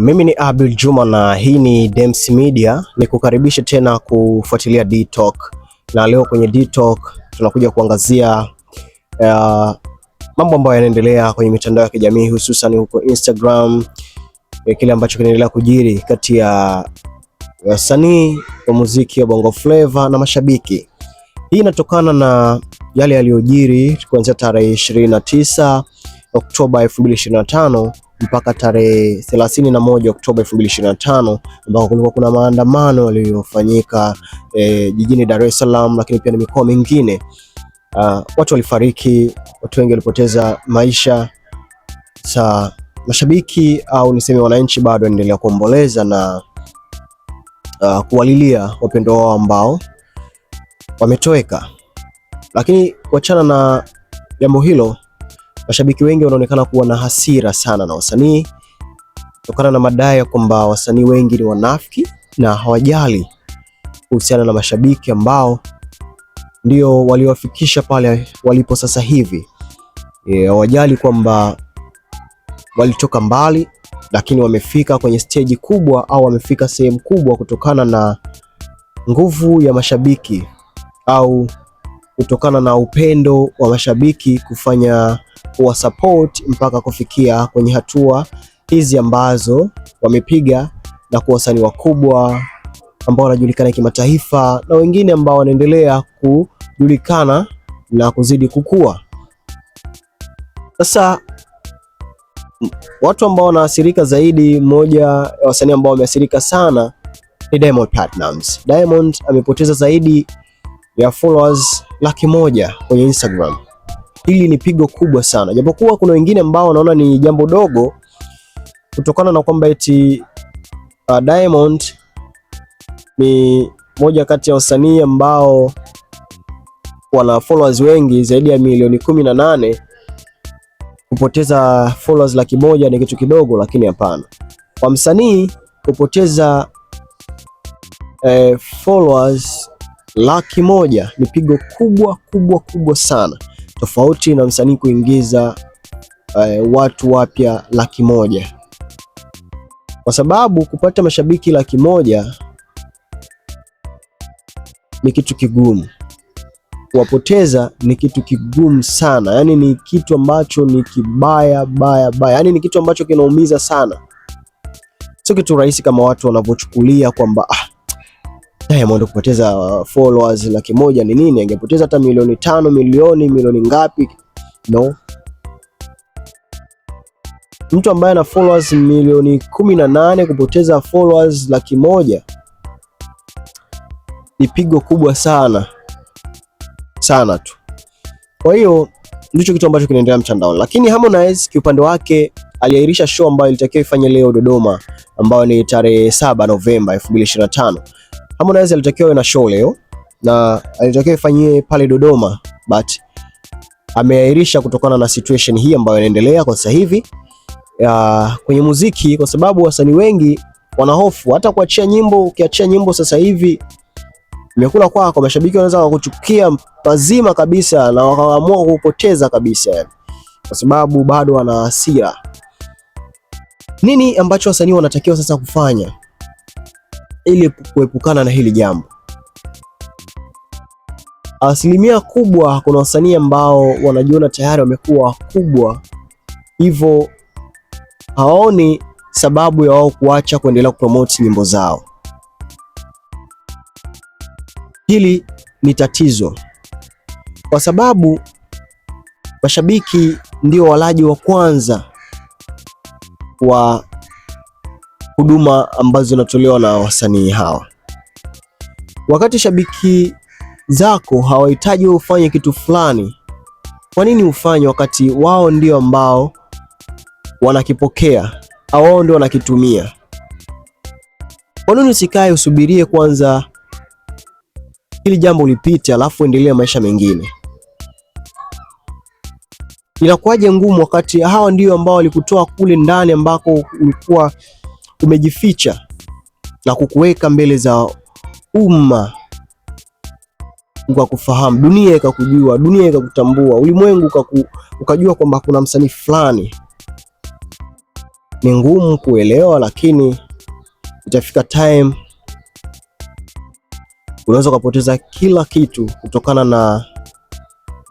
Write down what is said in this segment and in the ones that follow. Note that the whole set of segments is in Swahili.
Mimi ni Abdul Juma na hii ni Dems Media. Ni kukaribisha tena kufuatilia d Na leo kwenye d tunakuja kuangazia uh, mambo ambayo yanaendelea kwenye mitandao ya kijamii hususan huko Instagram, eh, kile ambacho kinaendelea kujiri kati ya wasanii wa muziki wa Bongo Flava na mashabiki. Hii inatokana na yale yaliyojiri kuanzia tarehe ishirini na Oktoba 2025 mpaka tarehe 31 Oktoba 2025 ambako kulikuwa kuna maandamano yaliyofanyika e, jijini Dar es Salaam, lakini pia na mikoa mingine. Uh, watu walifariki, watu wengi walipoteza maisha. Sa mashabiki au niseme wananchi bado wanaendelea kuomboleza na uh, kuwalilia wapendwa wao ambao wametoweka, lakini kuachana na jambo hilo Mashabiki wengi wanaonekana kuwa na hasira sana na wasanii kutokana na madai ya kwamba wasanii wengi ni wanafiki na hawajali kuhusiana na mashabiki ambao ndio waliowafikisha pale walipo sasa hivi. E, hawajali e, kwamba walitoka mbali lakini wamefika kwenye steji kubwa au wamefika sehemu kubwa kutokana na nguvu ya mashabiki au kutokana na upendo wa mashabiki kufanya kuwa support mpaka kufikia kwenye hatua hizi ambazo wamepiga na kuwa wasanii wakubwa ambao wanajulikana kimataifa na wengine ambao wanaendelea kujulikana na kuzidi kukua. Sasa watu ambao wanaathirika zaidi, mmoja ya wasanii ambao wameathirika sana ni Diamond Platnumz. Diamond amepoteza zaidi ya followers laki moja kwenye Instagram. Hili ni pigo kubwa sana, japokuwa kuna wengine ambao wanaona ni jambo dogo kutokana na kwamba eti uh, Diamond ni moja kati ya wasanii ambao wana followers wengi zaidi ya milioni kumi na nane. Kupoteza followers laki moja ni kitu kidogo, lakini hapana, kwa msanii kupoteza eh, followers laki moja ni pigo kubwa kubwa kubwa sana, tofauti na msanii kuingiza uh, watu wapya laki moja, kwa sababu kupata mashabiki laki moja ni kitu kigumu, kuwapoteza ni kitu kigumu sana. Yaani ni kitu ambacho ni kibaya baya baya, yaani ni kitu ambacho kinaumiza sana, sio kitu rahisi kama watu wanavyochukulia kwamba ah, Diamond kupoteza uh, followers laki moja ni nini? Angepoteza hata milioni tano, milioni milioni ngapi? No, mtu ambaye ana followers milioni kumi na nane kupoteza followers laki moja ni pigo kubwa sana sana tu. Kwa hiyo ndicho kitu ambacho kinaendelea mtandaoni, lakini Harmonize kiupande wake aliahirisha show ambayo ilitakiwa ifanye leo Dodoma, ambayo ni tarehe 7 Novemba 2025. Harmonize alitakiwa awe na show leo na alitakiwa ifanyie pale Dodoma, but ameahirisha kutokana na situation hii ambayo inaendelea kwa sasa hivi kwenye muziki, kwa sababu wasanii wengi wanahofu hata kuachia nyimbo. Ukiachia nyimbo sasa hivi imekula kwako, mashabiki wanaweza wakakuchukia pazima kabisa na wakaamua kupoteza kabisa kwa sababu bado wana hasira. Nini ambacho wasanii wanatakiwa sasa kufanya? ili kuepukana na hili jambo. Asilimia kubwa kuna wasanii ambao wanajiona tayari wamekuwa kubwa, hivyo hawaoni sababu ya wao kuacha kuendelea kupromote nyimbo zao. Hili ni tatizo, kwa sababu mashabiki ndio walaji wa kwanza wa huduma ambazo zinatolewa na wasanii hawa. Wakati shabiki zako hawahitaji ufanye kitu fulani, kwa nini ufanye wakati wao ndio ambao wanakipokea au wao ndio wanakitumia? Kwa nini usikae usubirie kwanza hili jambo lipite, alafu endelea maisha mengine? Inakuwaje ngumu wakati hawa ndio ambao walikutoa kule ndani ambako ulikuwa umejificha na kukuweka mbele za umma ukakufahamu, dunia ikakujua, dunia ikakutambua, ulimwengu ukajua kwamba kuna msanii fulani. Ni ngumu kuelewa, lakini itafika time unaweza ukapoteza kila kitu kutokana na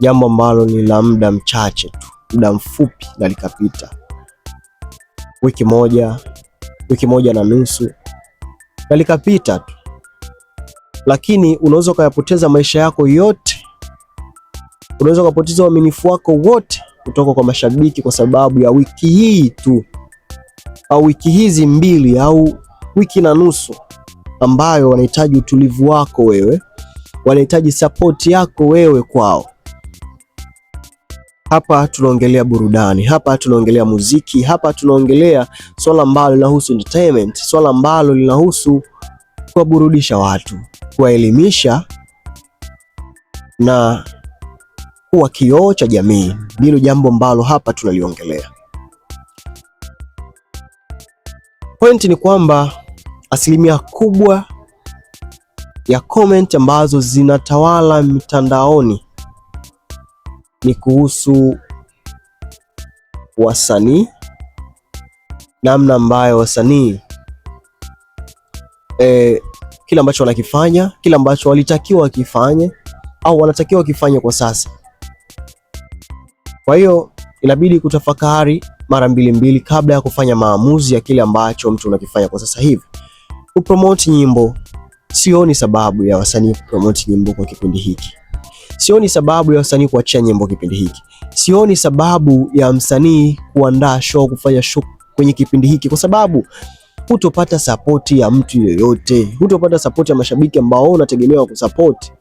jambo ambalo ni la muda mchache tu, muda mfupi na likapita wiki moja wiki moja na nusu na likapita tu, lakini unaweza ukayapoteza maisha yako yote, unaweza ukapoteza uaminifu wako wote kutoka kwa mashabiki kwa sababu ya wiki hii tu au wiki hizi mbili au wiki na nusu ambayo wanahitaji utulivu wako wewe, wanahitaji sapoti yako wewe kwao. Hapa tunaongelea burudani, hapa tunaongelea muziki, hapa tunaongelea swala ambalo linahusu entertainment, swala ambalo linahusu kuwaburudisha watu, kuwaelimisha na kuwa kioo cha jamii. Ndilo jambo ambalo hapa tunaliongelea. Point ni kwamba asilimia kubwa ya comment ambazo zinatawala mitandaoni ni kuhusu wasanii, namna ambayo wasanii e, eh, kila ambacho wanakifanya, kila ambacho walitakiwa wakifanye au wanatakiwa wakifanye kwa sasa. Kwa hiyo inabidi kutafakari mara mbili mbili kabla ya kufanya maamuzi ya kile ambacho mtu unakifanya kwa sasa hivi. Kupromote nyimbo, sioni sababu ya wasanii kupromote nyimbo kwa kipindi hiki. Sioni sababu ya wasanii kuachia nyimbo kipindi hiki, sioni sababu ya msanii kuandaa show, kufanya show kwenye kipindi hiki, kwa sababu hutopata sapoti ya mtu yoyote, hutopata sapoti ya mashabiki ambao unategemewa kusapoti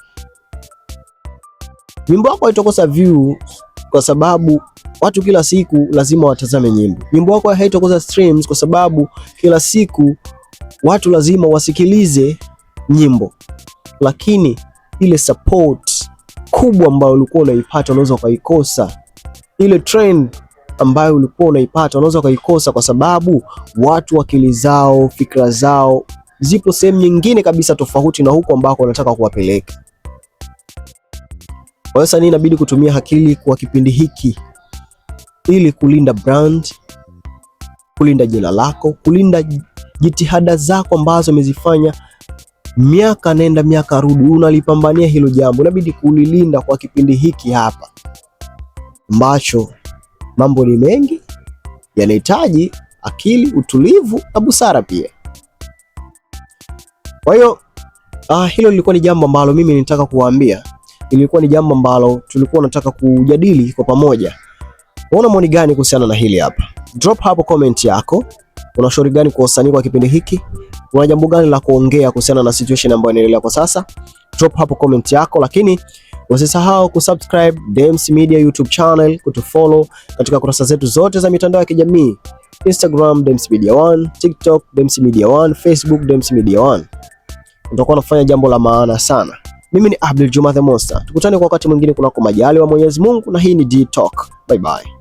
nyimbo yako. Haitokosa view kwa sababu watu kila siku lazima watazame nyimbo. Nyimbo yako haitokosa streams kwa sababu kila siku watu lazima wasikilize nyimbo, lakini ile support kubwa ambayo ulikuwa unaipata unaweza ukaikosa. Ile trend ambayo ulikuwa unaipata unaweza ukaikosa kwa sababu watu akili zao, fikra zao zipo sehemu nyingine kabisa tofauti na huko ambako unataka kuwapeleka. Kwa sasa inabidi kutumia akili kwa kipindi hiki ili kulinda brand, kulinda jina lako, kulinda jitihada zako ambazo umezifanya miaka nenda miaka rudi, unalipambania hilo jambo, inabidi kulilinda kwa kipindi hiki hapa ambacho mambo ni mengi, yanahitaji akili, utulivu na busara pia. Kwa hiyo ah, hilo lilikuwa ni jambo ambalo mimi nitaka kuwaambia, ilikuwa ni jambo ambalo tulikuwa nataka kujadili kwa pamoja. Unaona maoni gani kuhusiana na hili hapa? Drop hapo comment yako. Unashauri gani kwa wasanii kwa kipindi hiki? Una jambo gani la kuongea kuhusiana na situation ambayo inaendelea kwa sasa? Drop hapo comment yako, lakini usisahau kusubscribe Dems Media YouTube channel, kutufollow katika kurasa zetu zote za mitandao ya kijamii Instagram Dems Media 1, TikTok Dems Media 1, Facebook Dems Media 1. Utakuwa unafanya jambo la maana sana. Mimi ni Abdul Juma the Monster, tukutane kwa wakati mwingine kunako majali wa Mwenyezi Mungu, na hii ni D Talk. Bye bye.